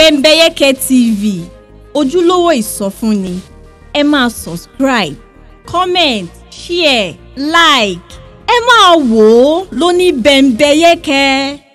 Bembeyeke TV ojúlówó ìsọfúnni ẹ máa subscribe comment share like ẹ máa wò ó lóní Bembeyeke.